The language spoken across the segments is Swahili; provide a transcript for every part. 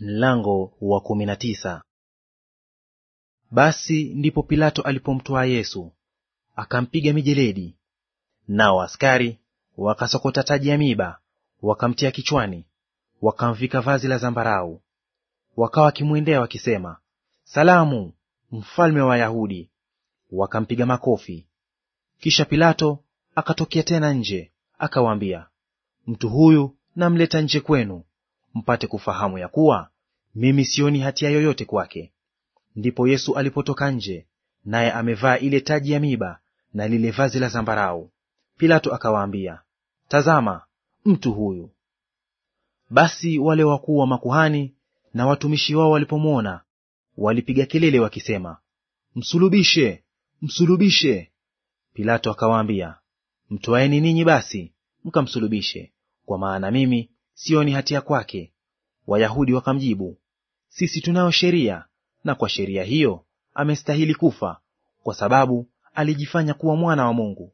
Mlango wa kumi na tisa. Basi ndipo Pilato alipomtoa Yesu, akampiga mijeledi. Nao askari wakasokota taji ya miba wakamtia kichwani, wakamvika vazi la zambarau. Wakawa wakimwendea wakisema, Salamu, mfalme wa Wayahudi! Wakampiga makofi. Kisha Pilato akatokea tena nje, akawaambia, Mtu huyu namleta nje kwenu mpate kufahamu ya kuwa mimi sioni hatia yoyote kwake. Ndipo Yesu alipotoka nje, naye amevaa ile taji ya miba na lile vazi la zambarau. Pilato akawaambia, tazama mtu huyu! Basi wale wakuu wa makuhani na watumishi wao walipomwona, walipiga kelele wakisema, msulubishe, msulubishe! Pilato akawaambia, mtoaeni ninyi basi mkamsulubishe, kwa maana mimi sioni hatia kwake. Wayahudi wakamjibu, sisi tunayo sheria, na kwa sheria hiyo amestahili kufa, kwa sababu alijifanya kuwa mwana wa Mungu.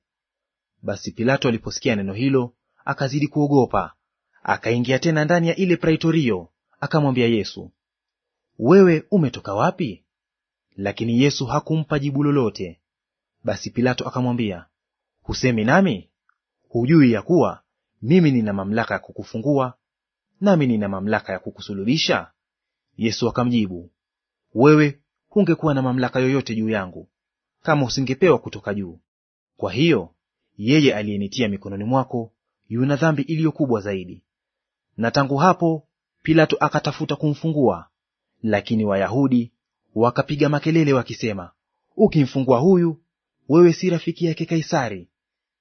Basi Pilato aliposikia neno hilo, akazidi kuogopa. Akaingia tena ndani ya ile praitorio, akamwambia Yesu, wewe umetoka wapi? Lakini Yesu hakumpa jibu lolote. Basi Pilato akamwambia, husemi nami? Hujui ya kuwa mimi nina mamlaka ya kukufungua nami nina mamlaka ya kukusulubisha? Yesu akamjibu, wewe hungekuwa na mamlaka yoyote juu yangu kama usingepewa kutoka juu. Kwa hiyo yeye aliyenitia mikononi mwako yuna dhambi iliyo kubwa zaidi. Na tangu hapo Pilato akatafuta kumfungua, lakini Wayahudi wakapiga makelele wakisema, ukimfungua huyu, wewe si rafiki yake Kaisari.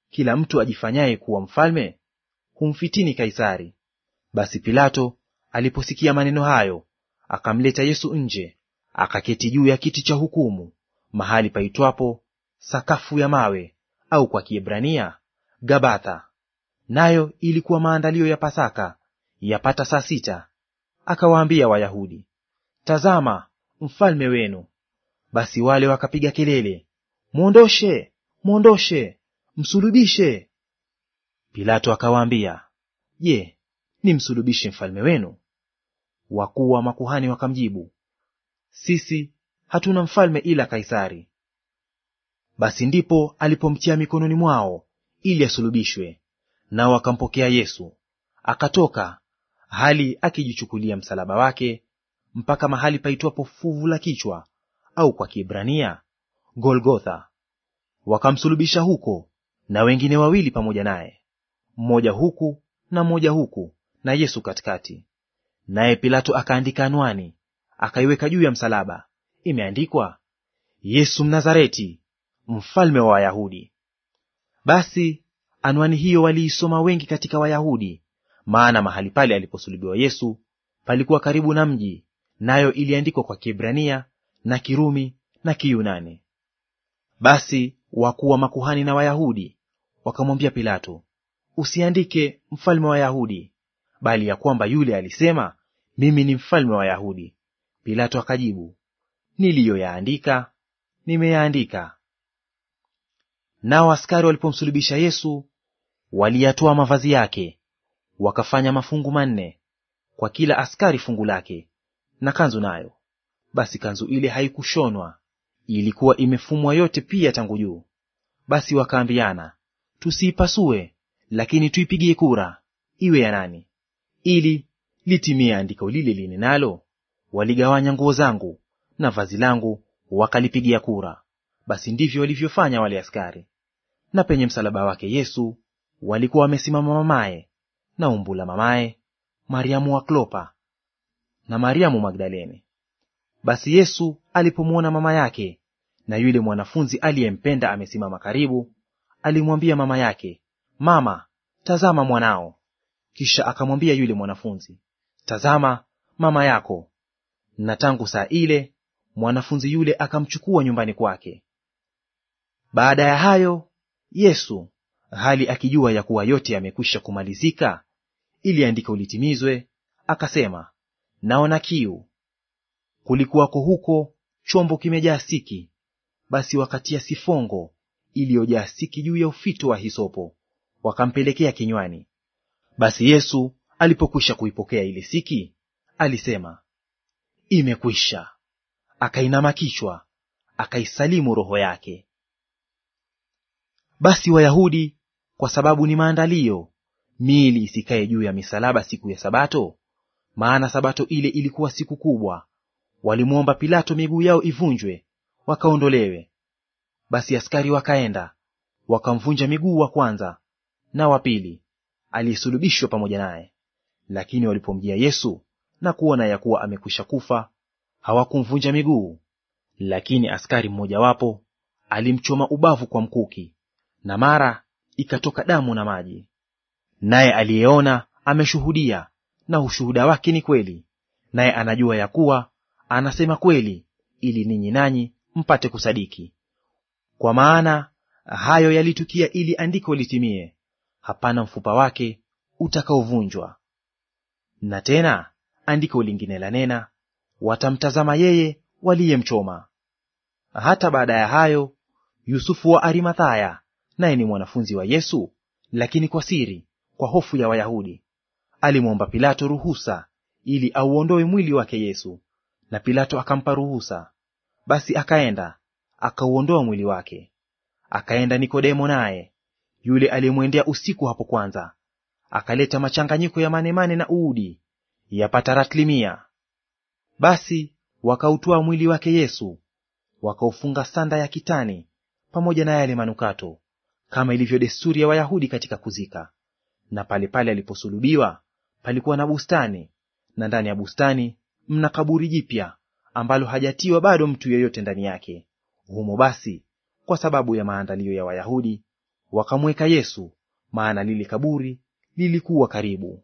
Kila mtu ajifanyaye kuwa mfalme humfitini Kaisari. Basi Pilato aliposikia maneno hayo, akamleta Yesu nje, akaketi juu ya kiti cha hukumu, mahali paitwapo sakafu ya mawe, au kwa Kiebrania Gabatha. Nayo ilikuwa maandalio ya Pasaka yapata saa sita. Akawaambia Wayahudi, tazama mfalme wenu. Basi wale wakapiga kelele, mwondoshe, mwondoshe, msulubishe. Pilato akawaambia, Je, nimsulubishe mfalme wenu? Wakuu wa makuhani wakamjibu, sisi hatuna mfalme ila Kaisari. Basi ndipo alipomtia mikononi mwao ili asulubishwe. Nao akampokea Yesu, akatoka hali akijichukulia msalaba wake mpaka mahali paitwapo fuvu la kichwa, au kwa Kiebrania Golgotha. Wakamsulubisha huko na wengine wawili pamoja naye, mmoja huku na mmoja huku, na Yesu katikati. Naye Pilato akaandika anwani, akaiweka juu ya msalaba, imeandikwa Yesu Mnazareti, mfalme wa Wayahudi. Basi anwani hiyo waliisoma wengi katika Wayahudi, maana mahali pale aliposulubiwa Yesu palikuwa karibu na mji, nayo iliandikwa kwa Kiebrania na Kirumi na Kiyunani. Basi wakuu wa makuhani na Wayahudi wakamwambia Pilato, usiandike mfalme wa Yahudi, bali ya kwamba yule alisema, mimi ni mfalme wa Yahudi. Pilato akajibu, niliyoyaandika nimeyaandika. Nao askari walipomsulubisha Yesu, waliyatoa mavazi yake, wakafanya mafungu manne, kwa kila askari fungu lake, na kanzu nayo. Basi kanzu ile haikushonwa, ilikuwa imefumwa yote pia tangu juu. Basi wakaambiana, tusiipasue lakini tuipigie kura iwe ya nani, ili litimie andiko lile linenalo, waligawanya nguo zangu na vazi langu wakalipigia kura. Basi ndivyo walivyofanya wale askari. Na penye msalaba wake Yesu walikuwa wamesimama mamaye na umbu la mamaye, Mariamu wa Klopa na Mariamu Magdalene. Basi Yesu alipomwona mama yake na yule mwanafunzi aliyempenda amesimama karibu, alimwambia mama yake, Mama, tazama mwanao. Kisha akamwambia yule mwanafunzi, tazama mama yako. Na tangu saa ile mwanafunzi yule akamchukua nyumbani kwake. Baada ya hayo, Yesu hali akijua ya kuwa yote yamekwisha kumalizika, ili andiko litimizwe, akasema, naona kiu. Kulikuwako huko chombo kimejaa siki, basi wakatia sifongo iliyojaa siki juu ya ufito wa hisopo, wakampelekea kinywani. Basi Yesu alipokwisha kuipokea ile siki, alisema imekwisha, akainama kichwa akaisalimu roho yake. Basi Wayahudi, kwa sababu ni maandalio, miili isikaye juu ya misalaba siku ya Sabato, maana Sabato ile ilikuwa siku kubwa, walimwomba Pilato miguu yao ivunjwe wakaondolewe. Basi askari wakaenda wakamvunja miguu wa kwanza, na wa pili aliyesulubishwa pamoja naye. Lakini walipomjia Yesu na kuona ya kuwa amekwisha kufa, hawakumvunja miguu. Lakini askari mmojawapo alimchoma ubavu kwa mkuki, na mara ikatoka damu na maji. Naye aliyeona ameshuhudia, na ushuhuda wake ni kweli, naye anajua ya kuwa anasema kweli, ili ninyi nanyi mpate kusadiki. Kwa maana hayo yalitukia ili andiko litimie hapana mfupa wake utakaovunjwa. Na tena andiko lingine lanena, watamtazama yeye waliyemchoma. Hata baada ya hayo, Yusufu wa Arimathaya, naye ni mwanafunzi wa Yesu, lakini kwa siri, kwa hofu ya Wayahudi, alimwomba Pilato ruhusa ili auondoe mwili wake Yesu, na Pilato akampa ruhusa. Basi akaenda akauondoa mwili wake. Akaenda Nikodemo naye yule aliyemwendea usiku hapo kwanza, akaleta machanganyiko ya manemane na uudi yapata ratli mia. Basi wakautoa mwili wake Yesu, wakaufunga sanda ya kitani pamoja na yale manukato, kama ilivyo desturi ya Wayahudi katika kuzika. Na palepale aliposulubiwa palikuwa na bustani, na ndani ya bustani mna kaburi jipya ambalo hajatiwa bado mtu yeyote ndani yake. Humo basi, kwa sababu ya maandalio ya Wayahudi, wakamweka Yesu, maana lile kaburi lilikuwa karibu.